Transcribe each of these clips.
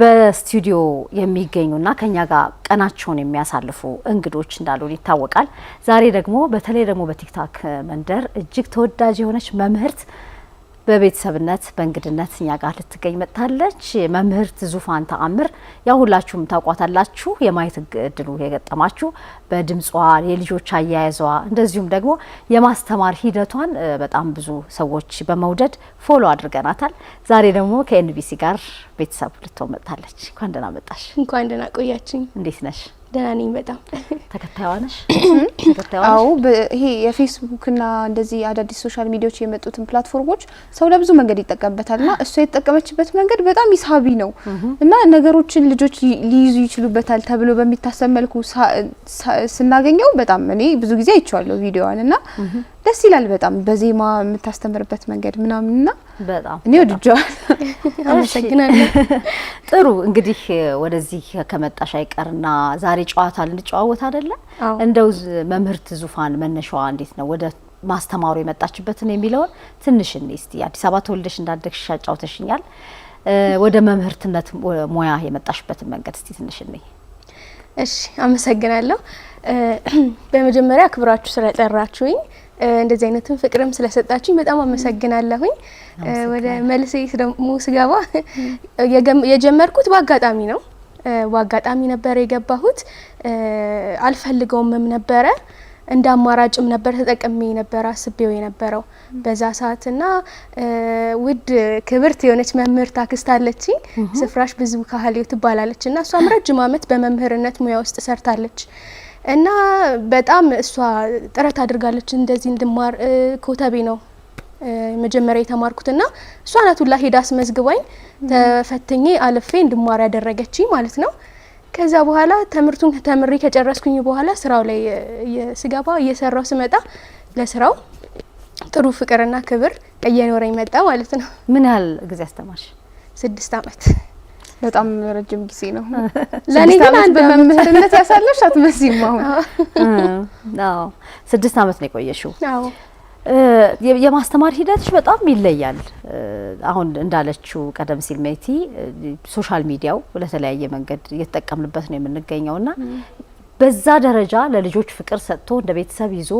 በስቱዲዮ የሚገኙና ከኛ ጋር ቀናቸውን የሚያሳልፉ እንግዶች እንዳሉ ይታወቃል። ዛሬ ደግሞ በተለይ ደግሞ በቲክታክ መንደር እጅግ ተወዳጅ የሆነች መምህርት በቤተሰብነት በእንግድነት እኛ ጋር ልትገኝ መጥታለች። መምህርት ዙፋን ተአምር ያው ሁላችሁም ታውቋታላችሁ። የማየት እድሉ የገጠማችሁ በድምጿ የልጆች አያያዟ እንደዚሁም ደግሞ የማስተማር ሂደቷን በጣም ብዙ ሰዎች በመውደድ ፎሎ አድርገናታል። ዛሬ ደግሞ ከኤንቢሲ ጋር ቤተሰብ ልትሆን መጥታለች። እንኳን ደህና መጣሽ። እንኳን ደህና ቆያችኝ። እንዴት ነሽ? ደህና ነኝ በጣም። ተከታይዋ ነሽ? አዎ። ይሄ የፌስቡክ እና እንደዚህ አዳዲስ ሶሻል ሚዲያዎች የመጡትን ፕላትፎርሞች ሰው ለብዙ መንገድ ይጠቀምበታል እና እሷ የተጠቀመችበት መንገድ በጣም ይሳቢ ነው እና ነገሮችን ልጆች ሊይዙ ይችሉበታል ተብሎ በሚታሰብ መልኩ ስናገኘው በጣም እኔ ብዙ ጊዜ አይቼዋለሁ ቪዲዮዋን እና ደስ ይላል በጣም በዜማ የምታስተምርበት መንገድ ምናምን በጣም እኔ ወድጄዋለሁ። አመሰግናለሁ። ጥሩ እንግዲህ ወደዚህ ከመጣሽ አይቀርና ዛሬ ጨዋታ ልንጨዋወት አደለ? እንደው መምህርት ዙፋን መነሻዋ እንዴት ነው ወደ ማስተማሩ የመጣችበትን የሚለውን ትንሽ እኔ እስቲ አዲስ አበባ ተወልደሽ እንዳደግሽ አጫውተሽኛል። ወደ መምህርትነት ሙያ የመጣሽበትን መንገድ እስቲ ትንሽ እኔ እሺ፣ አመሰግናለሁ። በመጀመሪያ ክብራችሁ ስለጠራችሁኝ እንደዚህ አይነትም ፍቅርም ስለሰጣችሁኝ በጣም አመሰግናለሁኝ። ወደ መልሴ ደግሞ ስገባ የጀመርኩት በአጋጣሚ ነው። በአጋጣሚ ነበረ የገባሁት። አልፈልገውምም ነበረ እንደ አማራጭም ነበር ተጠቅሜ ነበር አስቤው የነበረው በዛ ሰዓት ና ውድ ክብርት የሆነች መምህር ታክስት አለችኝ። ስፍራሽ ብዙ ካህሌው ትባላለች እና እሷም ረጅም ዓመት በመምህርነት ሙያ ውስጥ ሰርታለች። እና በጣም እሷ ጥረት አድርጋለች እንደዚህ እንድማር። ኮተቤ ነው መጀመሪያ የተማርኩት እና እሷ ናት ሁላ ሄዳ አስመዝግባኝ ተፈትኜ አልፌ እንድማር ያደረገች ማለት ነው። ከዛ በኋላ ትምህርቱን ተምሬ ከጨረስኩኝ በኋላ ስራው ላይ ስገባ እየሰራው ስመጣ ለስራው ጥሩ ፍቅርና ክብር እየኖረኝ መጣ ማለት ነው። ምን ያህል ጊዜ አስተማርሽ? ስድስት አመት በጣም ረጅም ጊዜ ነው። ለእኔ ግን አንድ በመምህርነት ያሳለሽ አትመስይም። አሁን አዎ ስድስት አመት ነው የቆየሽው። የማስተማር ሂደትሽ በጣም ይለያል። አሁን እንዳለችው ቀደም ሲል ሜቲ ሶሻል ሚዲያው ለተለያየ መንገድ እየተጠቀምንበት ነው የምንገኘውና በዛ ደረጃ ለልጆች ፍቅር ሰጥቶ እንደ ቤተሰብ ይዞ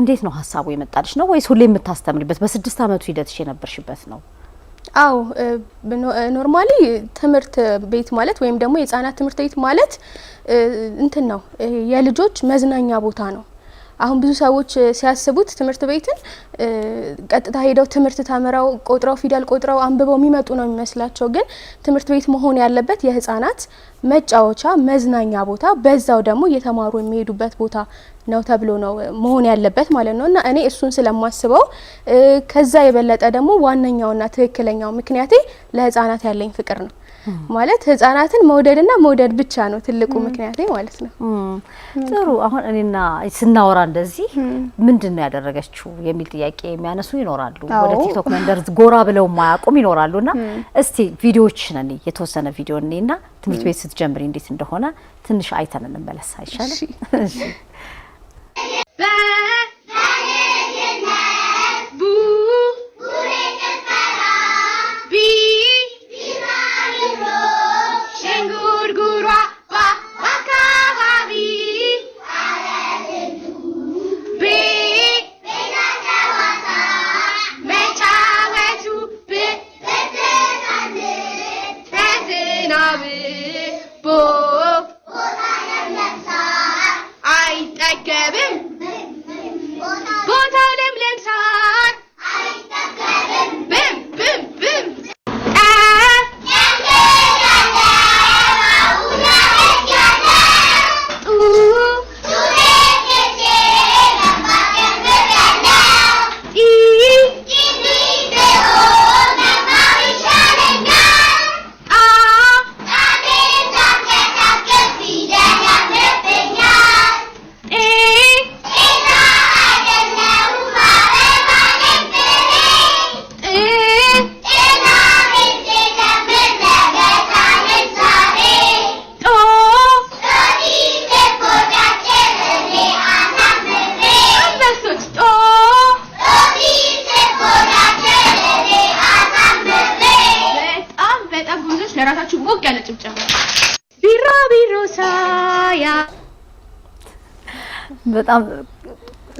እንዴት ነው ሀሳቡ የመጣልሽ ነው ወይስ ሁሌ የምታስተምሪበት በስድስት አመቱ ሂደትሽ የነበርሽበት ነው? አዎ ኖርማሊ ትምህርት ቤት ማለት ወይም ደግሞ የህጻናት ትምህርት ቤት ማለት እንትን ነው የልጆች መዝናኛ ቦታ ነው። አሁን ብዙ ሰዎች ሲያስቡት ትምህርት ቤትን ቀጥታ ሄደው ትምህርት ተምረው ቆጥረው ፊደል ቆጥረው አንብበው የሚመጡ ነው የሚመስላቸው። ግን ትምህርት ቤት መሆን ያለበት የህጻናት መጫወቻ መዝናኛ ቦታ፣ በዛው ደግሞ እየተማሩ የሚሄዱበት ቦታ ነው ተብሎ ነው መሆን ያለበት ማለት ነው። እና እኔ እሱን ስለማስበው ከዛ የበለጠ ደግሞ ዋነኛውና ትክክለኛው ምክንያቴ ለህፃናት ያለኝ ፍቅር ነው። ማለት ህጻናትን መውደድና መውደድ ብቻ ነው ትልቁ ምክንያቴ ማለት ነው። ጥሩ። አሁን እኔና ስናወራ እንደዚህ ምንድን ነው ያደረገችው የሚል ጥያቄ የሚያነሱ ይኖራሉ። ወደ ቲክቶክ መንደር ጎራ ብለው ማያውቁም ይኖራሉ። ና እስቲ ቪዲዮዎችን እኔ የተወሰነ ቪዲዮ እኔና ትምህርት ቤት ስትጀምሪ እንዴት እንደሆነ ትንሽ አይተን እንመለስ አይሻልም?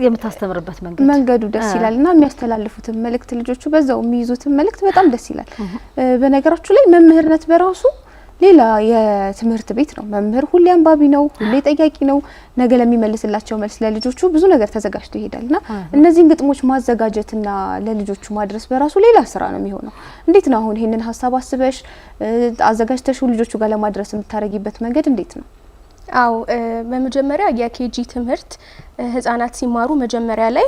የምታስተምርበት መንገድ መንገዱ ደስ ይላል እና የሚያስተላልፉትን መልእክት ልጆቹ በዛው የሚይዙትን መልእክት በጣም ደስ ይላል። በነገራችሁ ላይ መምህርነት በራሱ ሌላ የትምህርት ቤት ነው። መምህር ሁሌ አንባቢ ነው፣ ሁሌ ጠያቂ ነው። ነገ ለሚመልስላቸው መልስ ለልጆቹ ብዙ ነገር ተዘጋጅቶ ይሄዳል እና እነዚህን ግጥሞች ማዘጋጀትና ለልጆቹ ማድረስ በራሱ ሌላ ስራ ነው የሚሆነው። እንዴት ነው አሁን ይህንን ሀሳብ አስበሽ አዘጋጅተሽ ልጆቹ ጋር ለማድረስ የምታደርጊበት መንገድ እንዴት ነው? አው በመጀመሪያ የኬጂ ትምህርት ህጻናት ሲማሩ መጀመሪያ ላይ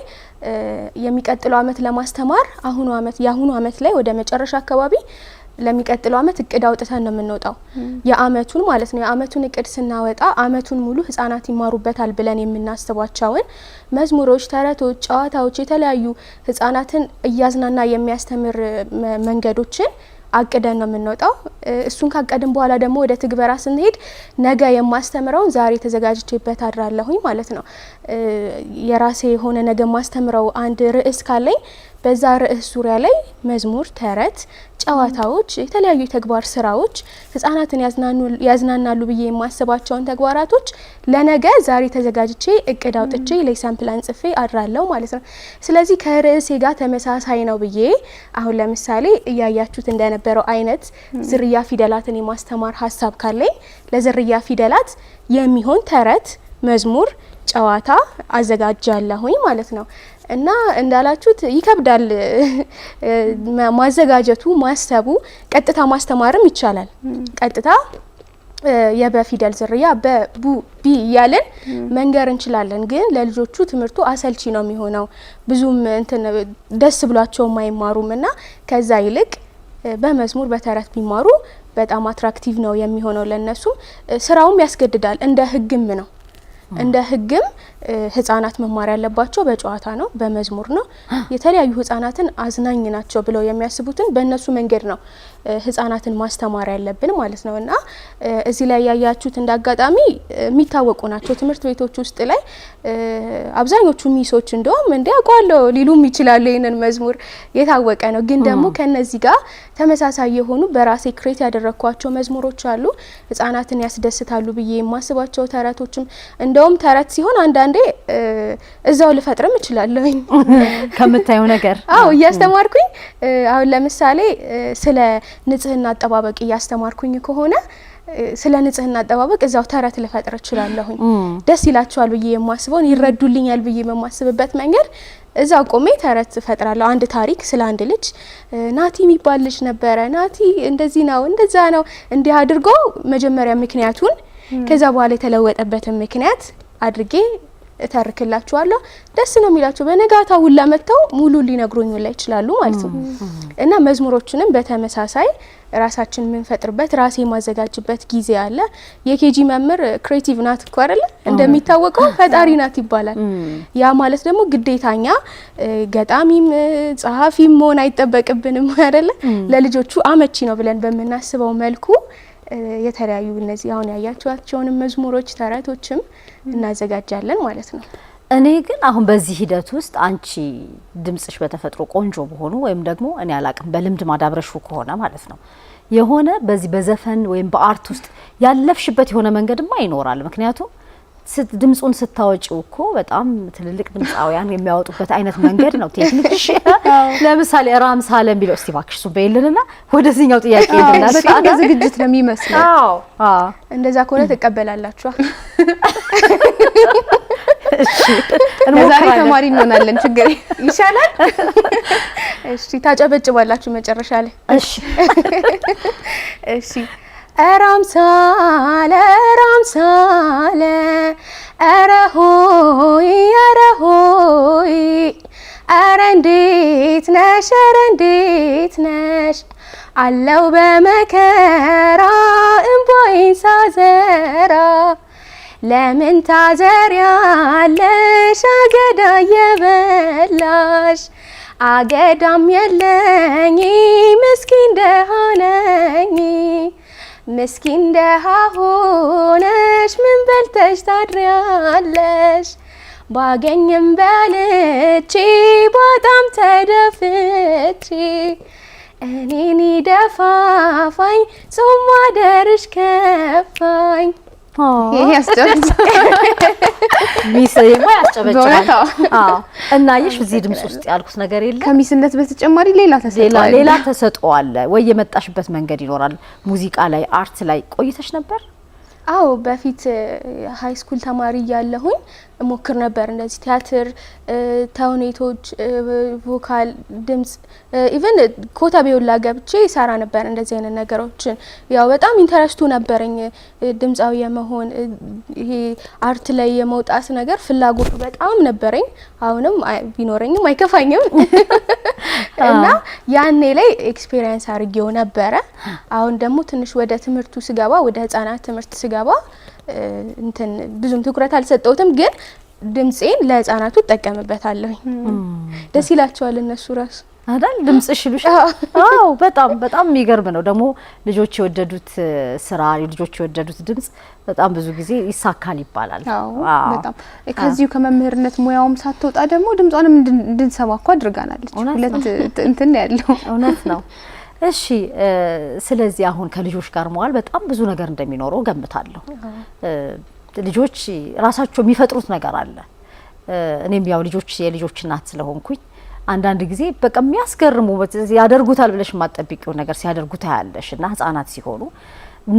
የሚቀጥለው አመት ለማስተማር አሁኑ አመት የአሁኑ አመት ላይ ወደ መጨረሻ አካባቢ ለሚቀጥለው አመት እቅድ አውጥተን ነው የምንወጣው። የአመቱን ማለት ነው። የአመቱን እቅድ ስናወጣ አመቱን ሙሉ ህጻናት ይማሩበታል ብለን የምናስባቸውን መዝሙሮች፣ ተረቶች፣ ጨዋታዎች፣ የተለያዩ ህጻናትን እያዝናና የሚያስተምር መንገዶችን አቅደን ነው የምንወጣው። እሱን ካቀድን በኋላ ደግሞ ወደ ትግበራ ስንሄድ ነገ የማስተምረውን ዛሬ ተዘጋጅቼበት አድራለሁኝ ማለት ነው። የራሴ የሆነ ነገ የማስተምረው አንድ ርዕስ ካለኝ በዛ ርዕስ ዙሪያ ላይ መዝሙር፣ ተረት፣ ጨዋታዎች፣ የተለያዩ የተግባር ስራዎች ህጻናትን ያዝናናሉ ብዬ የማስባቸውን ተግባራቶች ለነገ ዛሬ ተዘጋጅቼ እቅድ አውጥቼ ለሳምፕል አንጽፌ አድራለሁ ማለት ነው። ስለዚህ ከርዕሴ ጋር ተመሳሳይ ነው ብዬ አሁን ለምሳሌ እያያችሁት እንደነበረው አይነት ዝርያ ፊደላትን የማስተማር ሀሳብ ካለኝ ለዝርያ ፊደላት የሚሆን ተረት፣ መዝሙር ጨዋታ አዘጋጃለሁኝ ማለት ነው። እና እንዳላችሁት ይከብዳል ማዘጋጀቱ፣ ማሰቡ። ቀጥታ ማስተማርም ይቻላል። ቀጥታ የበፊደል ዝርያ በ ቡ ቢ እያልን መንገር እንችላለን። ግን ለልጆቹ ትምህርቱ አሰልቺ ነው የሚሆነው። ብዙም እንትን ደስ ብሏቸውም አይማሩም እና ከዛ ይልቅ በመዝሙር በተረት ቢማሩ በጣም አትራክቲቭ ነው የሚሆነው ለነሱ። ስራውም ያስገድዳል እንደ ህግም ነው እንደ ህግም ህጻናት መማር ያለባቸው በጨዋታ ነው፣ በመዝሙር ነው። የተለያዩ ህጻናትን አዝናኝ ናቸው ብለው የሚያስቡትን በእነሱ መንገድ ነው ህጻናትን ማስተማር ያለብን ማለት ነው። እና እዚህ ላይ ያያችሁት እንደ አጋጣሚ የሚታወቁ ናቸው። ትምህርት ቤቶች ውስጥ ላይ አብዛኞቹ ሚሶች እንደውም እንዲ ያውቋለሁ ሊሉም ይችላሉ። ይህንን መዝሙር የታወቀ ነው። ግን ደግሞ ከነዚህ ጋር ተመሳሳይ የሆኑ በራሴ ክሬት ያደረግኳቸው መዝሙሮች አሉ። ህጻናትን ያስደስታሉ ብዬ የማስባቸው ተረቶችም እንደውም ተረት ሲሆን አንዳንድ አንዳንዴ እዛው ልፈጥርም እችላለሁኝ ከምታየው ነገር። አዎ እያስተማርኩኝ አሁን ለምሳሌ ስለ ንጽህና አጠባበቅ እያስተማርኩኝ ከሆነ ስለ ንጽህና አጠባበቅ እዛው ተረት ልፈጥር እችላለሁኝ። ደስ ይላቸዋል ብዬ የማስበውን ይረዱልኛል ብዬ በማስብበት መንገድ እዛ ቆሜ ተረት እፈጥራለሁ። አንድ ታሪክ ስለ አንድ ልጅ ናቲ የሚባል ልጅ ነበረ። ናቲ እንደዚህ ነው፣ እንደዛ ነው፣ እንዲህ አድርጎ መጀመሪያ ምክንያቱን ከዛ በኋላ የተለወጠበትን ምክንያት አድርጌ እተርክላችኋለሁ። ደስ ነው የሚላቸው። በነጋታ ሁላ መጥተው ሙሉ ሊነግሩኝ ላይ ይችላሉ ማለት ነው እና መዝሙሮችንም በተመሳሳይ ራሳችን የምንፈጥርበት ራሴ የማዘጋጅበት ጊዜ አለ። የኬጂ መምህር ክሬቲቭ ናት እኮ አይደለ? እንደሚታወቀው ፈጣሪ ናት ይባላል። ያ ማለት ደግሞ ግዴታኛ ገጣሚም ጸሐፊም መሆን አይጠበቅብንም አይደለ? ለልጆቹ አመቺ ነው ብለን በምናስበው መልኩ የተለያዩ እነዚህ አሁን ያያቸዋቸውንም መዝሙሮች፣ ተረቶችም እናዘጋጃለን ማለት ነው። እኔ ግን አሁን በዚህ ሂደት ውስጥ አንቺ ድምጽሽ በተፈጥሮ ቆንጆ በሆኑ ወይም ደግሞ እኔ አላቅም በልምድ ማዳብረሹ ከሆነ ማለት ነው የሆነ በዚህ በዘፈን ወይም በአርት ውስጥ ያለፍሽበት የሆነ መንገድማ ይኖራል ምክንያቱም ድምፁን ስታወጪው እኮ በጣም ትልልቅ ድምፃውያን የሚያወጡበት አይነት መንገድ ነው ቴክኒክ። ለምሳሌ ራምሳ ለም ቢለው እስቲ እባክሽ እሱን በይልንና ወደዚህኛው ጥያቄ በጣም ዝግጅት ነው የሚመስለው። እንደዛ ከሆነ ትቀበላላችኋ። ዛሬ ተማሪ እንሆናለን። ችግር ይሻላል። እሺ ታጨበጭባላችሁ መጨረሻ ላይ። እሺ እሺ ራምሳለ ራምሳለ ኧረ ሆይ ኧረ ሆይ ኧረ እንዴት ነሽ ኧረ እንዴት ነሽ አለው በመከራ እንባዬን ሳዘራ ለምን ታዘሪያለሽ አገዳ የበላሽ አገዳም የለኝ ምስኪን ደሃነኝ ምስኪን ደሃ ሆነሽ ምን በልተሽ ታድሪያለሽ? ባገኝም በልቼ በጣም ተደፍቼ እኔን ደፋፋኝ ጾም ማደርሽ ከፋኝ። ይሄ ያስጨበጭባል። እና ይሽ እዚህ ድምጽ ውስጥ ያልኩት ነገር የለም። ከሚስነት በተጨማሪ ሌላ ተሰጥኦ አለ ወይ? የመጣሽበት መንገድ ይኖራል። ሙዚቃ ላይ አርት ላይ ቆይተሽ ነበር? አዎ በፊት ሀይ ስኩል ተማሪ እያለሁኝ ሞክር ነበር። እንደዚህ ቲያትር፣ ተውኔቶች፣ ቮካል፣ ድምጽ ኢቨን ኮታ ቤውላ ገብቼ ሰራ ነበር እንደዚህ አይነት ነገሮችን። ያው በጣም ኢንተረስቱ ነበረኝ ድምጻዊ የመሆን ይሄ አርት ላይ የመውጣት ነገር ፍላጎቱ በጣም ነበረኝ። አሁንም ቢኖረኝም አይከፋኝም። ያኔ ላይ ኤክስፔሪየንስ አድርጌው ነበረ። አሁን ደግሞ ትንሽ ወደ ትምህርቱ ስገባ ወደ ህጻናት ትምህርት ስገባ እንትን ብዙም ትኩረት አልሰጠውትም ግን ድምፄን ለህጻናቱ እጠቀምበታለሁኝ። ደስ ይላቸዋል እነሱ ራሱ አዳል ድምጽሽ ይሉሻል። አዎ በጣም በጣም የሚገርም ነው። ደግሞ ልጆች የወደዱት ስራ፣ ልጆች የወደዱት ድምጽ በጣም ብዙ ጊዜ ይሳካል ይባላል። በጣም ከዚሁ ከመምህርነት ሙያውም ሳትወጣ ደግሞ ድምጿንም እንድንሰማ እኮ አድርጋናለች። ሁለት እንትን ያለው እውነት ነው። እሺ ስለዚህ አሁን ከልጆች ጋር መዋል በጣም ብዙ ነገር እንደሚኖረው ገምታለሁ። ልጆች ራሳቸው የሚፈጥሩት ነገር አለ። እኔም ያው ልጆች የልጆች እናት ስለሆንኩኝ አንዳንድ ጊዜ በቃ የሚያስገርሙ ያደርጉታል ብለሽ የማጠብቂው ነገር ሲያደርጉ ታያለሽ። እና ህጻናት ሲሆኑ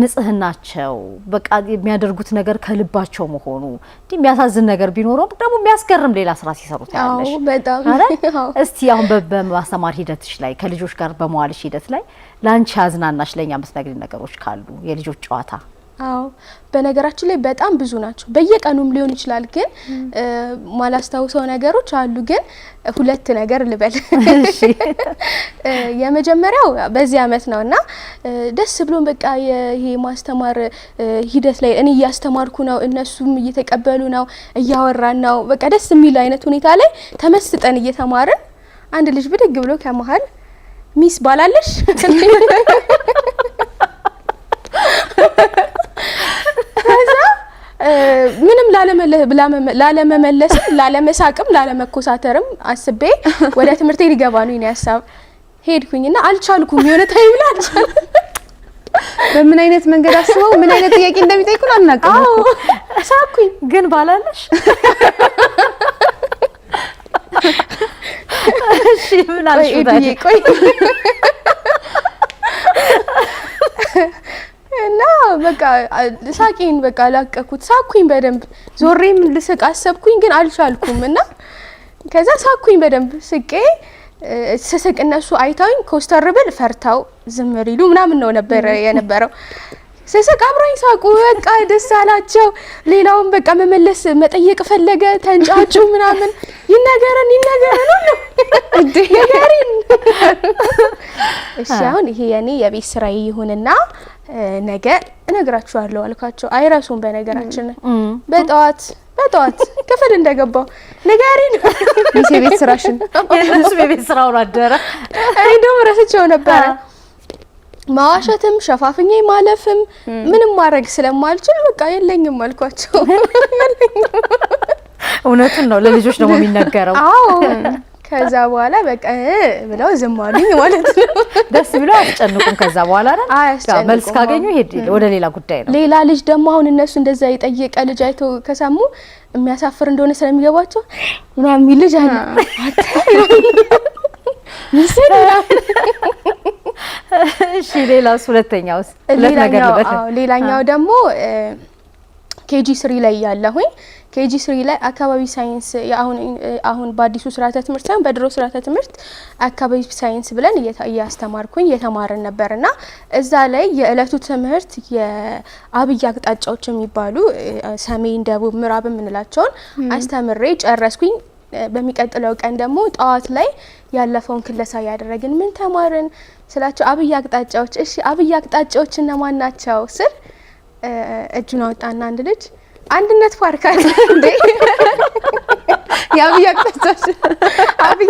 ንጽህናቸው በቃ የሚያደርጉት ነገር ከልባቸው መሆኑ እንዲህ የሚያሳዝን ነገር ቢኖረውም ደግሞ የሚያስገርም ሌላ ስራ ሲሰሩ ታያለሽ። እስቲ አሁን በማስተማር ሂደትሽ ላይ ከልጆች ጋር በመዋልሽ ሂደት ላይ ለአንቺ ያዝናናሽ ለእኛ የምትነግሪኝ ነገሮች ካሉ የልጆች ጨዋታ አዎ በነገራችን ላይ በጣም ብዙ ናቸው። በየቀኑም ሊሆን ይችላል፣ ግን ማላስታውሰው ነገሮች አሉ። ግን ሁለት ነገር ልበል። የመጀመሪያው በዚህ አመት ነው እና ደስ ብሎን በቃ ይሄ ማስተማር ሂደት ላይ እኔ እያስተማርኩ ነው፣ እነሱም እየተቀበሉ ነው፣ እያወራን ነው። በቃ ደስ የሚል አይነት ሁኔታ ላይ ተመስጠን እየተማርን አንድ ልጅ ብድግ ብሎ ከመሀል ሚስ ባላለሽ ከዛ ምንም ላለመመለስም ላለመሳቅም ላለመኮሳተርም አስቤ ወደ ትምህርቴ ሊገባ ነው የእኔ ሀሳብ ሄድኩኝና አልቻልኩም። የሆነ ታይም ላይ በምን አይነት መንገድ አስበው ምን አይነት ጥያቄ እንደሚጠይቁን አናውቅም። አዎ ሳኩኝ። ግን ባላለሽ እሺ ምን አልሽ? ቆይ በቃ በቃ ላቀኩት። ሳኩኝ በደንብ ዞሬም ልስቅ አሰብኩኝ፣ ግን አልቻልኩም እና ከዛ ሳኩኝ በደንብ ስቄ ስስቅ እነሱ አይታውኝ ኮስተር ብል ፈርተው ዝም ሊሉ ምናምን ነው ነበረ የነበረው። ስስቅ አብረኝ ሳቁ፣ በቃ ደስ አላቸው። ሌላውን በቃ መመለስ መጠየቅ ፈለገ፣ ተንጫጩ ምናምን። ይነገረን ይነገረን ነው ነገሪን። እሺ አሁን ይሄ የኔ የቤት ስራዬ ይሁንና ነገር እነግራችኋለሁ አልኳቸው። አይረሱም። በነገራችን በጠዋት በጠዋት ክፍል እንደገባው ንገሪን ሚሴ ቤት ስራሽን የእነሱ የቤት ስራውን አደረ እንደውም ረስቼው ነበረ። ማዋሸትም ሸፋፍኜ ማለፍም ምንም ማድረግ ስለማልችል በቃ የለኝም አልኳቸው። እውነቱን ነው፣ ለልጆች ደግሞ የሚነገረው። አዎ ከዛ በኋላ በቃ ብለው ዝም አሉኝ ማለት ነው። ደስ ብለው አያስጨንቁም። ከዛ በኋላ መልስ ካገኙ ይሄድ ወደ ሌላ ጉዳይ ነው። ሌላ ልጅ ደግሞ አሁን እነሱ እንደዛ የጠየቀ ልጅ አይቶ ከሰሙ የሚያሳፍር እንደሆነ ስለሚገባቸው ምናምን የሚል ልጅ አለ እሺ ሌላውስ? ሁለተኛው ሁለት ነገር ሌላኛው ደግሞ ኬጂ ስሪ ላይ ያለሁኝ ኬጂ ስሪ ላይ አካባቢ ሳይንስ አሁን አሁን በአዲሱ ስርዓተ ትምህርት ሳይሆን በድሮ ስርዓተ ትምህርት አካባቢ ሳይንስ ብለን እያስተማርኩኝ እየተማርን ነበር እና እዛ ላይ የእለቱ ትምህርት የአብይ አቅጣጫዎች የሚባሉ ሰሜን፣ ደቡብ፣ ምዕራብ የምንላቸውን አስተምሬ ጨረስኩኝ። በሚቀጥለው ቀን ደግሞ ጠዋት ላይ ያለፈውን ክለሳ እያደረግን ምን ተማርን ስላቸው አብይ አቅጣጫዎች። እሺ አብይ አቅጣጫዎች እነማን ናቸው ስል እጁን አወጣና አንድ ልጅ አንድነት ፓርክ አለ እንዴ? የአብይ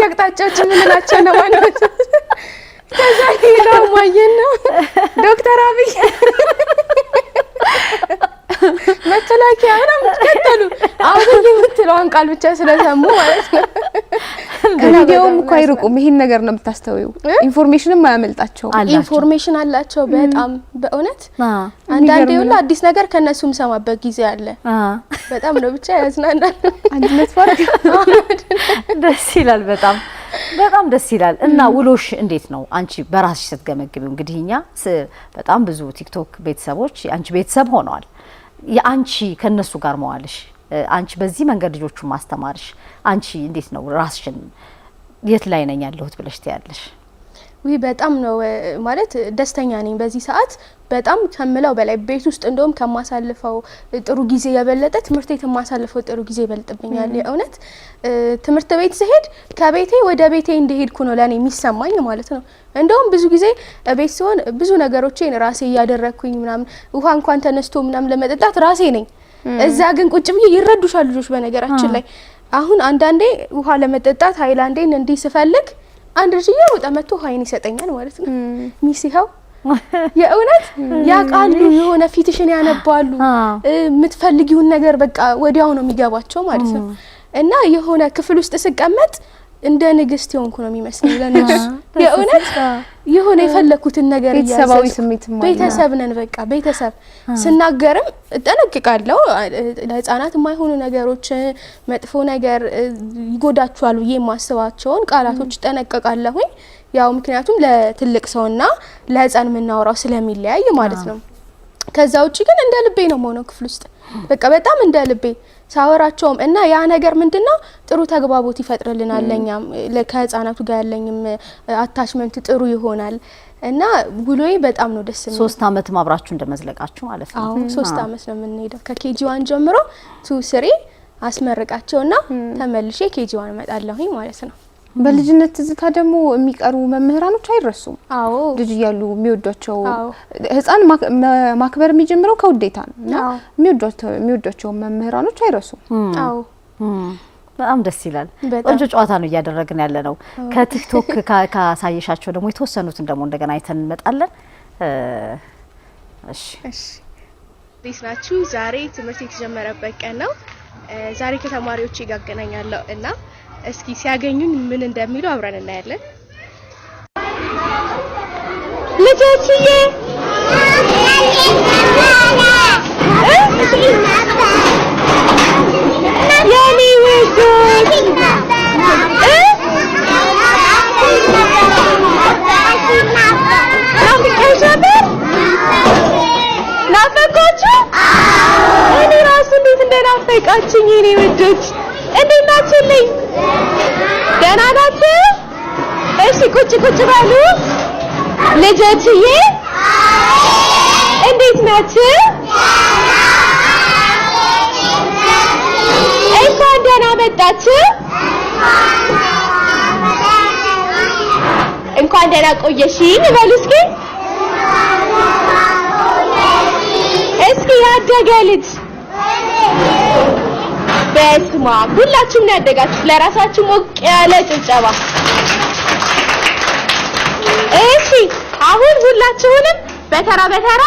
አቅጣጫዎች የምንላቸው ነው። ከዛ ሌላ ማየና ዶክተር አብይ መከላከያ ምናምን ከተሉ አብይ የምትለውን ቃል ብቻ ስለሰሙ ማለት ነው። ከቪዲዮውም እኮ አይርቁም። ይሄን ነገር ነው የምታስተውዩ። ኢንፎርሜሽንም አያመልጣቸው፣ ኢንፎርሜሽን አላቸው በጣም በእውነት አንዳንዴ ሁላ አዲስ ነገር ከነሱ የምሰማበት ጊዜ አለ። በጣም ነው ብቻ ያዝናናል። አንድነት ፓርክ ደስ ይላል በጣም በጣም ደስ ይላል። እና ውሎሽ እንዴት ነው አንቺ በራስሽ ስትገመግቢው? እንግዲህ እኛ በጣም ብዙ ቲክቶክ ቤተሰቦች አንቺ ቤተሰብ ሆነዋል። የአንቺ ከነሱ ጋር መዋልሽ፣ አንቺ በዚህ መንገድ ልጆቹን ማስተማርሽ፣ አንቺ እንዴት ነው ራስሽን የት ላይ ነኝ ያለሁት ብለሽ ትያለሽ? ውይ በጣም ነው ማለት ደስተኛ ነኝ በዚህ ሰዓት በጣም ከምለው በላይ ቤት ውስጥ እንደውም ከማሳልፈው ጥሩ ጊዜ የበለጠ ትምህርት ቤት የማሳልፈው ጥሩ ጊዜ ይበልጥብኛል። እውነት ትምህርት ቤት ስሄድ ከቤቴ ወደ ቤቴ እንደሄድኩ ነው ለእኔ የሚሰማኝ ማለት ነው። እንደውም ብዙ ጊዜ ቤት ሲሆን ብዙ ነገሮቼን ራሴ እያደረግኩኝ ምናምን ውሃ እንኳን ተነስቶ ምናምን ለመጠጣት ራሴ ነኝ። እዛ ግን ቁጭ ብዬ ይረዱሻል ልጆች። በነገራችን ላይ አሁን አንዳንዴ ውሃ ለመጠጣት ሀይላንዴን እንዲህ ስፈልግ አንድ ልጅ እየሮጠ መጥቶ ሀይን ይሰጠኛል ማለት ነው። ሚስ ይኸው የእውነት ያውቃሉ። የሆነ ፊትሽን ያነባሉ። የምትፈልጊውን ነገር በቃ ወዲያው ነው የሚገባቸው ማለት ነው። እና የሆነ ክፍል ውስጥ ስቀመጥ እንደ ንግስት የሆንኩ ነው የሚመስለኝ ለነሱ የእውነት የሆነ የፈለግኩትን ነገር ቤተሰባዊ ስሜት ቤተሰብ ነን በቃ ቤተሰብ ስናገርም እጠነቅቃለሁ ለህጻናት የማይሆኑ ነገሮች መጥፎ ነገር ይጎዳችኋል ብዬ የማስባቸውን ቃላቶች እጠነቀቃለሁኝ ያው ምክንያቱም ለትልቅ ሰውና ለህፃን የምናወራው ስለሚለያይ ማለት ነው ከዛ ውጭ ግን እንደ ልቤ ነው መሆነው ክፍል ውስጥ በቃ በጣም እንደ ልቤ ሳወራቸውም እና ያ ነገር ምንድነው ጥሩ ተግባቦት ይፈጥርልናል። ለኛም ከህጻናቱ ጋር ያለኝም አታችመንት ጥሩ ይሆናል እና ውሎዬ በጣም ነው ደስ የሚል። ሶስት አመት ማብራችሁ እንደመዝለቃችሁ ማለት ነው? አዎ ሶስት አመት ነው የምንሄደው። ከኬጂ ዋን ጀምሮ ቱ ስሪ አስመርቃቸውና ተመልሼ ኬጂ ዋን እመጣለሁኝ ማለት ነው። በልጅነት ትዝታ ደግሞ የሚቀሩ መምህራኖች አይረሱም። አዎ ልጅ እያሉ የሚወዷቸው ህፃን ማክበር የሚጀምረው ከውዴታ ነው እና የሚወዷቸው መምህራኖች አይረሱም። አዎ በጣም ደስ ይላል። ቆንጆ ጨዋታ ነው እያደረግን ያለ ነው። ከቲክቶክ ካሳየሻቸው ደግሞ የተወሰኑትን ደግሞ እንደገና አይተን እንመጣለን። እሺ እንዴት ናችሁ? ዛሬ ትምህርት የተጀመረበት ቀን ነው። ዛሬ ከተማሪዎች ይጋገናኛለሁ እና እስኪ ሲያገኙን ምን እንደሚሉ አብረን እናያለን። ልጆችዬ ናፈቃችሁ? እኔ ራሱ እንዴት እንደናፈቃችኝ የኔ ውዶች እንዴት ናችሁልኝ? ደህና ናችሁ? እሺ ቁጭ ቁጭ በሉ። ልጆችዬ እንዴት ናችሁ? እንኳን ደህና መጣችሁ። እንኳን ደህና ቆየሽኝ በሉ እስኪ እስኪ ያደገ ልጅ በስማ ሁላችሁም ያደጋችሁ። ለራሳችሁ ሞቅ ያለ ጭብጨባ። እሺ አሁን ሁላችሁንም በተራ በተራ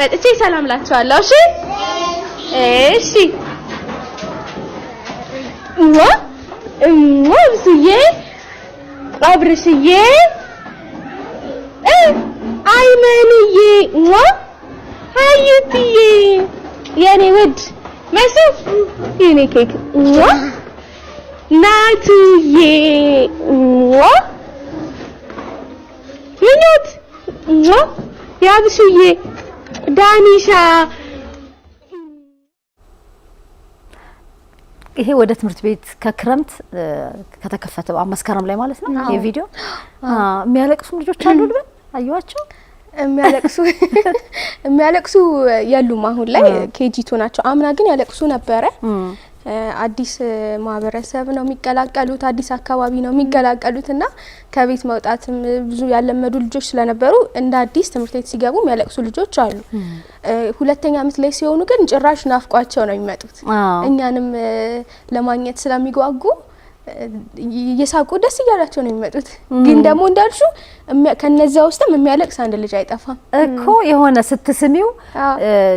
መጥቼ ሰላም ላችኋለሁ። እሺ እሺ እሞ እሞ ብዙዬ አብርሽዬ አይመንዬ እሞ ሀዩትዬ የኔ ውድ not? What? You have to ye. Danisha. ይሄ ወደ ትምህርት ቤት ከክረምት ከተከፈተ መስከረም ላይ ማለት ነው። ይሄ የሚያለቅሱም ልጆች አሉ ልበል አየዋቸው። የሚያለቅሱ የሚያለቅሱ የሉም አሁን ላይ ኬጂቱ ናቸው። አምና ግን ያለቅሱ ነበረ። አዲስ ማህበረሰብ ነው የሚቀላቀሉት፣ አዲስ አካባቢ ነው የሚቀላቀሉት እና ከቤት መውጣትም ብዙ ያለመዱ ልጆች ስለነበሩ እንደ አዲስ ትምህርት ቤት ሲገቡ የሚያለቅሱ ልጆች አሉ። ሁለተኛ አመት ላይ ሲሆኑ ግን ጭራሽ ናፍቋቸው ነው የሚመጡት እኛንም ለማግኘት ስለሚጓጉ እየሳቁ ደስ እያላቸው ነው የሚመጡት። ግን ደግሞ እንዳልሹ ከነዚያ ውስጥም የሚያለቅስ አንድ ልጅ አይጠፋም እኮ የሆነ ስትስሚው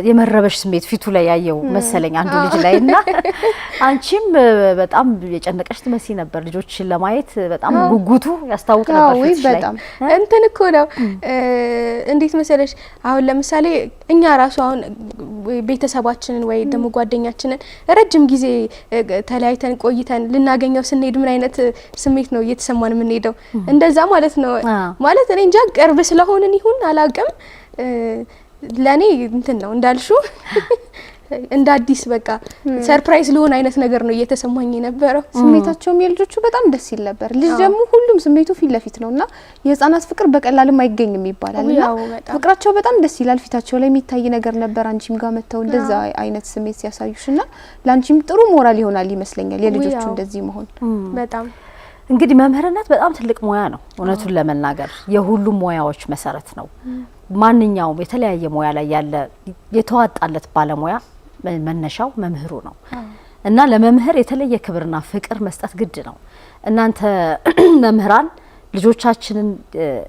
የመረበሽ ስሜት ፊቱ ላይ ያየው መሰለኝ አንዱ ልጅ ላይ እና አንቺም በጣም የጨነቀሽ ትመሲ ነበር። ልጆችን ለማየት በጣም ጉጉቱ ያስታውቅ ነበር። በጣም እንትን እኮ ነው እንዴት መሰለሽ፣ አሁን ለምሳሌ እኛ ራሱ አሁን ቤተሰባችንን ወይ ደግሞ ጓደኛችንን ረጅም ጊዜ ተለያይተን ቆይተን ልናገኘው ስንሄድ ምን አይነት ስሜት ነው እየተሰማን የምንሄደው? እንደዛ ማለት ነው። ማለት እኔ እንጃ ቅርብ ስለሆንን ይሁን አላውቅም፣ ለእኔ እንትን ነው እንዳልሹ እንደ አዲስ በቃ ሰርፕራይዝ ለሆነ አይነት ነገር ነው እየተሰማኝ የነበረው። ስሜታቸውም የልጆቹ በጣም ደስ ይል ነበር። ልጅ ደግሞ ሁሉም ስሜቱ ፊት ለፊት ነው እና የህጻናት ፍቅር በቀላልም አይገኝም ይባላል እና ፍቅራቸው በጣም ደስ ይላል። ፊታቸው ላይ የሚታይ ነገር ነበር። አንቺም ጋር መጥተው እንደዛ አይነት ስሜት ሲያሳዩሽ እና ለአንቺም ጥሩ ሞራል ይሆናል ይመስለኛል የልጆቹ እንደዚህ መሆን በጣም እንግዲህ መምህርነት በጣም ትልቅ ሙያ ነው። እውነቱን ለመናገር የሁሉም ሙያዎች መሰረት ነው። ማንኛውም የተለያየ ሙያ ላይ ያለ የተዋጣለት ባለሙያ መነሻው መምህሩ ነው እና ለመምህር የተለየ ክብርና ፍቅር መስጠት ግድ ነው። እናንተ መምህራን ልጆቻችንን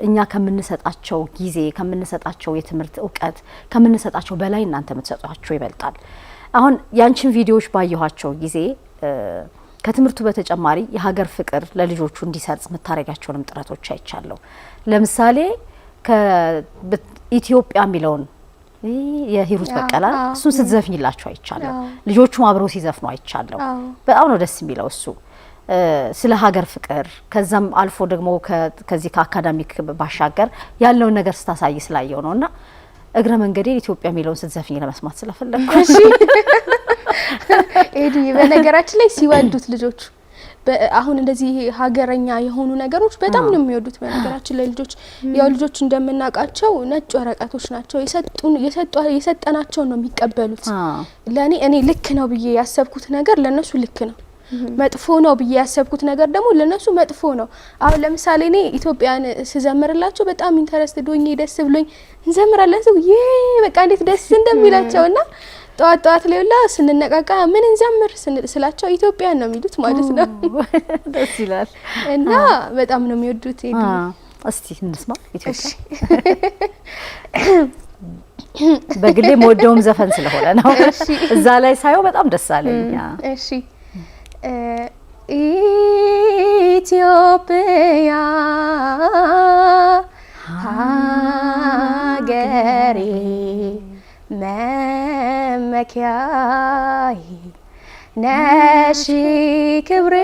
እኛ ከምንሰጣቸው ጊዜ ከምንሰጣቸው የትምህርት እውቀት ከምንሰጣቸው በላይ እናንተ የምትሰጧቸው ይበልጣል። አሁን ያንቺን ቪዲዮዎች ባየኋቸው ጊዜ ከትምህርቱ በተጨማሪ የሀገር ፍቅር ለልጆቹ እንዲሰርጽ የምታደርጊያቸውንም ጥረቶች አይቻለሁ። ለምሳሌ ከኢትዮጵያ የሚለውን የሂሩት በቀለ እሱን ስትዘፍኝላቸው አይቻለሁ። ልጆቹም አብረው ሲዘፍኑ አይቻለሁ። በጣም ነው ደስ የሚለው እሱ ስለ ሀገር ፍቅር ከዛም አልፎ ደግሞ ከዚህ ከአካዳሚክ ባሻገር ያለውን ነገር ስታሳይ ስላየው ነው እና እግረ መንገዴን ኢትዮጵያ የሚለውን ስትዘፍኝ ለመስማት ስለፈለግኩ። ኤዲ በነገራችን ላይ ሲወዱት ልጆቹ አሁን እንደዚህ ሀገረኛ የሆኑ ነገሮች በጣም ነው የሚወዱት። በነገራችን ላይ ልጆች ያው ልጆች እንደምናውቃቸው ነጭ ወረቀቶች ናቸው። የሰጠናቸውን ነው የሚቀበሉት። ለእኔ እኔ ልክ ነው ብዬ ያሰብኩት ነገር ለእነሱ ልክ ነው መጥፎ ነው ብዬ ያሰብኩት ነገር ደግሞ ለነሱ መጥፎ ነው። አሁን ለምሳሌ እኔ ኢትዮጵያን ስዘምርላቸው በጣም ኢንተረስት ዶኝ ደስ ብሎኝ እንዘምራለን። ሰው ይሄ በቃ እንዴት ደስ እንደሚላቸውና ጠዋት ጠዋት ላይ ስንነቃቃ ምን እንዘምር ስላቸው ኢትዮጵያን ነው የሚሉት ማለት ነው። ደስ ይላል። እና በጣም ነው የሚወዱት። እስቲ እንስማ ኢትዮጵያ በግሌ መወደውም ዘፈን ስለሆነ ነው። እዛ ላይ ሳየው በጣም ደስ አለኝ። እሺ ኢትዮጵያ ሀገሬ መመኪያይ ነሽ ክብሬ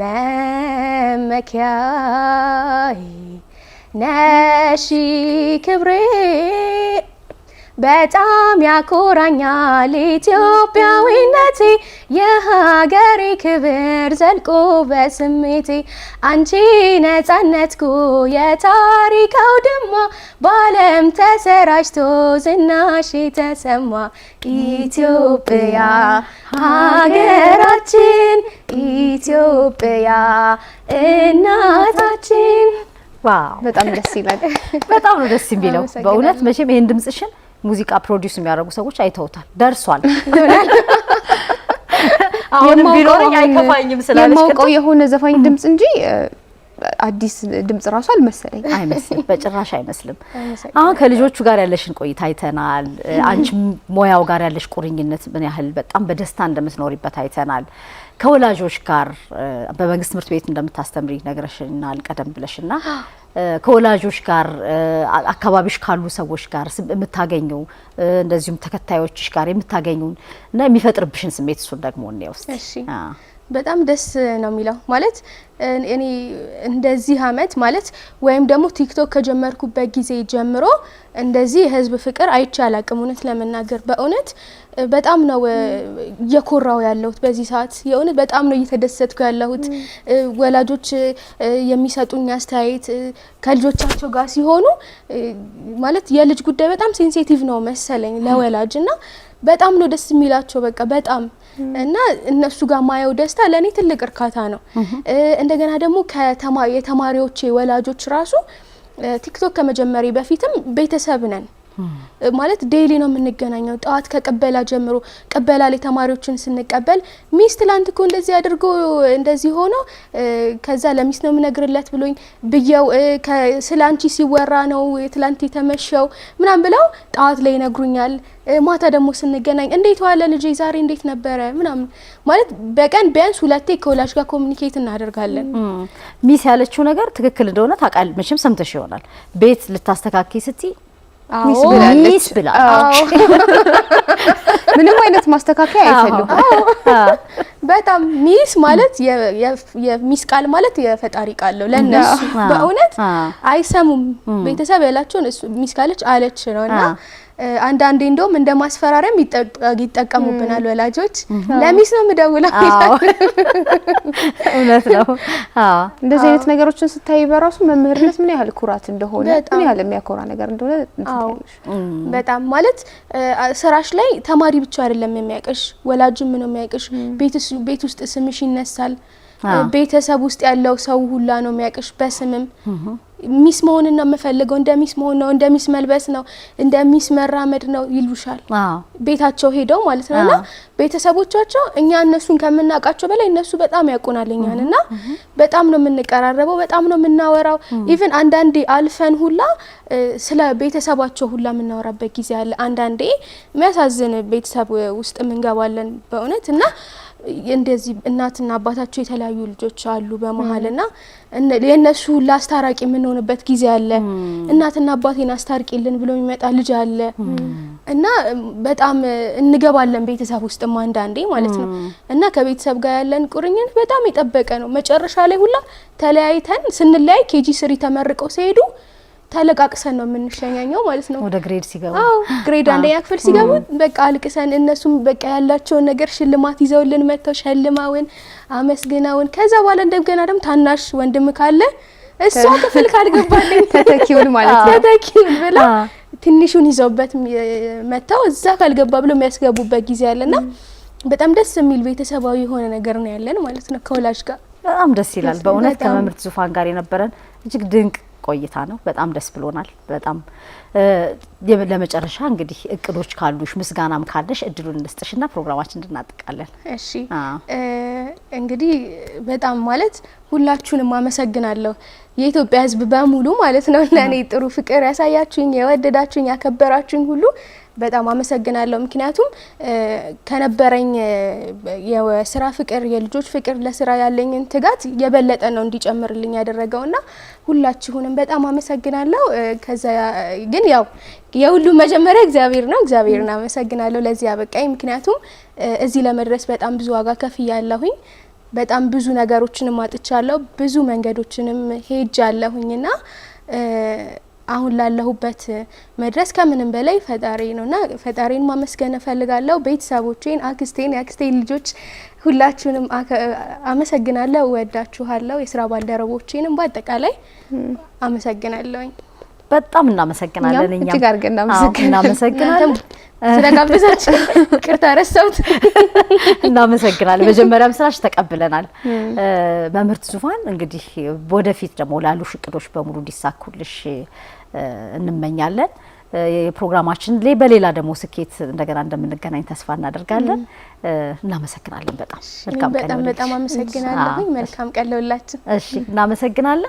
መመኪያይ ነሽ ክብሬ በጣም ያኮራኛል ኢትዮጵያዊነቴ የሀገሬ ክብር ዘልቆ በስሜቴ አንቺ ነጻነትኩ የታሪክ አውድማ በዓለም ተሰራጭቶ ዝናሽ ተሰማ ኢትዮጵያ ሀገራችን ኢትዮጵያ እናታችን። በጣም ደስ ይላል። በጣም ነው ደስ የሚለው በእውነት መቼም ይህን ድምጽሽን ሙዚቃ ፕሮዲውስ የሚያደርጉ ሰዎች አይተውታል፣ ደርሷል። አሁንም ቢኖረኝ አይከፋኝም ስላለች የማውቀው የሆነ ዘፋኝ ድምጽ እንጂ አዲስ ድምጽ ራሱ አልመሰለኝ። አይመስልም፣ በጭራሽ አይመስልም። አሁን ከልጆቹ ጋር ያለሽን ቆይታ አይተናል። አንቺ ሙያው ጋር ያለሽ ቁርኝነት ምን ያህል በጣም በደስታ እንደምትኖሪበት አይተናል። ከወላጆች ጋር በመንግስት ትምህርት ቤት እንደምታስተምሪ ነግረሽናል ቀደም ብለሽና ከወላጆች ጋር አካባቢሽ ካሉ ሰዎች ጋር የምታገኘው እንደዚሁም ተከታዮችሽ ጋር የምታገኘውን እና የሚፈጥርብሽን ስሜት እሱን ደግሞ እኔ ውስጥ በጣም ደስ ነው የሚለው ማለት እኔ እንደዚህ አመት ማለት ወይም ደግሞ ቲክቶክ ከጀመርኩበት ጊዜ ጀምሮ እንደዚህ የህዝብ ፍቅር አይቼ አላቅም። እውነት ለመናገር በእውነት በጣም ነው እየኮራው ያለሁት በዚህ ሰዓት። የእውነት በጣም ነው እየተደሰትኩ ያለሁት። ወላጆች የሚሰጡኝ አስተያየት ከልጆቻቸው ጋር ሲሆኑ ማለት የልጅ ጉዳይ በጣም ሴንሴቲቭ ነው መሰለኝ ለወላጅ እና በጣም ነው ደስ የሚላቸው በቃ በጣም እና እነሱ ጋር ማየው ደስታ ለእኔ ትልቅ እርካታ ነው። እንደገና ደግሞ የተማሪዎቼ ወላጆች ራሱ ቲክቶክ ከመጀመሪ በፊትም ቤተሰብ ነን ማለት ዴይሊ ነው የምንገናኘው። ጠዋት ከቀበላ ጀምሮ ቀበላ ላይ ተማሪዎችን ስንቀበል ሚስት ላንት እኮ እንደዚህ አድርጎ እንደዚህ ሆኖ ከዛ ለሚስት ነው የምነግርለት ብሎኝ ብየው ስለ አንቺ ሲወራ ነው ትላንት የተመሸው ምናም ብለው ጠዋት ላይ ይነግሩኛል። ማታ ደግሞ ስንገናኝ እንዴት ዋለ ልጄ ዛሬ እንዴት ነበረ ምናምን ማለት በቀን ቢያንስ ሁለቴ ከወላጅ ጋር ኮሚኒኬት እናደርጋለን። ሚስ ያለችው ነገር ትክክል እንደሆነ ታቃል መቼም ሰምተሽ ይሆናል ቤት ልታስተካክይ ስቲ ሚስ ብላለች። ምንም አይነት ማስተካከያ አይፈልጉም። በጣም ሚስ ማለት የሚስ ቃል ማለት የፈጣሪ ቃል ነው ለእነሱ በእውነት አይሰሙም። ቤተሰብ ያላቸውን ሚስ ካለች አለች ነው እና አንዳንዴ እንደውም እንደ ማስፈራሪያም ይጠቀሙብናል ወላጆች። ለሚስ ነው የምደውለው። እውነት ነው። እንደዚህ አይነት ነገሮችን ስታይ በራሱ መምህርነት ምን ያህል ኩራት እንደሆነ ምን ያህል የሚያኮራ ነገር እንደሆነ በጣም ማለት ስራሽ ላይ ተማሪ ብቻ አይደለም የሚያውቅሽ፣ ወላጅም ነው የሚያውቅሽ፣ ቤትስ ቤት ውስጥ ስምሽ ይነሳል። ቤተሰብ ውስጥ ያለው ሰው ሁላ ነው የሚያቅሽ በስምም ሚስ መሆን ነው የምፈልገው፣ እንደ ሚስ መሆን ነው፣ እንደ ሚስ መልበስ ነው፣ እንደ ሚስ መራመድ ነው ይሉሻል። ቤታቸው ሄደው ማለት ነው። እና ቤተሰቦቻቸው እኛ እነሱን ከምናውቃቸው በላይ እነሱ በጣም ያውቁናል እኛን። እና በጣም ነው የምንቀራረበው፣ በጣም ነው የምናወራው። ኢቭን አንዳንዴ አልፈን ሁላ ስለ ቤተሰባቸው ሁላ የምናወራበት ጊዜ አለ። አንዳንዴ የሚያሳዝን ቤተሰብ ውስጥ የምንገባለን በእውነት እና እንደዚህ እናትና አባታቸው የተለያዩ ልጆች አሉ በመሀል ና የእነሱ ሁላ አስታራቂ የምንሆንበት ጊዜ አለ። እናትና አባቴን አስታርቂልን ብሎ የሚመጣ ልጅ አለ እና በጣም እንገባለን ቤተሰብ ውስጥም አንዳንዴ ማለት ነው እና ከቤተሰብ ጋር ያለን ቁርኝነት በጣም የጠበቀ ነው። መጨረሻ ላይ ሁላ ተለያይተን ስንለያይ ኬጂ ስሪ ተመርቀው ሲሄዱ ተለቃቅሰን ነው የምንሸኛኘው ማለት ነው። ወደ ግሬድ ሲገቡ አዎ ግሬድ አንደኛ ክፍል ሲገቡ በቃ አልቅሰን እነሱም በቃ ያላቸውን ነገር ሽልማት ይዘውልን መጥተው ሸልማውን አመስግናውን ከዛ በኋላ እንደገና ደግሞ ታናሽ ወንድም ካለ እሷ ክፍል ካልገባልኝ ተተኪውን ማለት ነው ተተኪውን ብላ ትንሹን ይዘውበት መጥተው እዛ ካልገባ ብሎ የሚያስገቡበት ጊዜ አለና በጣም ደስ የሚል ቤተሰባዊ የሆነ ነገር ነው ያለን ማለት ነው ከወላጅ ጋር በጣም ደስ ይላል። በእውነት ከመምህርት ዙፋን ጋር የነበረን እጅግ ድንቅ ቆይታ ነው። በጣም ደስ ብሎናል። በጣም ለመጨረሻ እንግዲህ እቅዶች ካሉሽ ምስጋናም ካለሽ እድሉን እንስጥሽና ፕሮግራማችን እንድናጠቃለን። እሺ እንግዲህ በጣም ማለት ሁላችሁንም አመሰግናለሁ። የኢትዮጵያ ሕዝብ በሙሉ ማለት ነው እና እኔ ጥሩ ፍቅር ያሳያችሁኝ፣ የወደዳችሁኝ፣ ያከበራችሁኝ ሁሉ በጣም አመሰግናለሁ። ምክንያቱም ከነበረኝ የስራ ፍቅር፣ የልጆች ፍቅር፣ ለስራ ያለኝን ትጋት የበለጠ ነው እንዲጨምርልኝ ያደረገው እና ሁላችሁንም በጣም አመሰግናለሁ። ከዛ ግን ያው የሁሉም መጀመሪያ እግዚአብሔር ነው። እግዚአብሔርን አመሰግናለሁ ለዚህ አበቃኝ። ምክንያቱም እዚህ ለመድረስ በጣም ብዙ ዋጋ ያለሁኝ በጣም ብዙ ነገሮችንም አጥቻለሁ። ብዙ መንገዶችንም ሄጃለሁኝና አሁን ላለሁበት መድረስ ከምንም በላይ ፈጣሪ ነው እና ፈጣሪን ማመስገን እፈልጋለሁ። ቤተሰቦቼን፣ አክስቴን፣ የአክስቴን ልጆች ሁላችሁንም አመሰግናለሁ። እወዳችኋለሁ። የስራ ባልደረቦቼንም በአጠቃላይ አመሰግናለሁኝ። በጣም እናመሰግናለን። እኛ እጅግ አድርገን እናመሰግናለን። ስለጋብዛችሁ ቅርታ ረሳሁት። እናመሰግናለን። መጀመሪያም ስራሽ ተቀብለናል። መምህርት ዙፋን እንግዲህ ወደፊት ደግሞ ላሉሽ እቅዶች በሙሉ እንዲሳኩልሽ እንመኛለን። የፕሮግራማችን ላይ በሌላ ደግሞ ስኬት እንደገና እንደምንገናኝ ተስፋ እናደርጋለን። እናመሰግናለን። በጣም በጣም በጣም አመሰግናለሁኝ። መልካም ቀለውላችን። እሺ፣ እናመሰግናለን።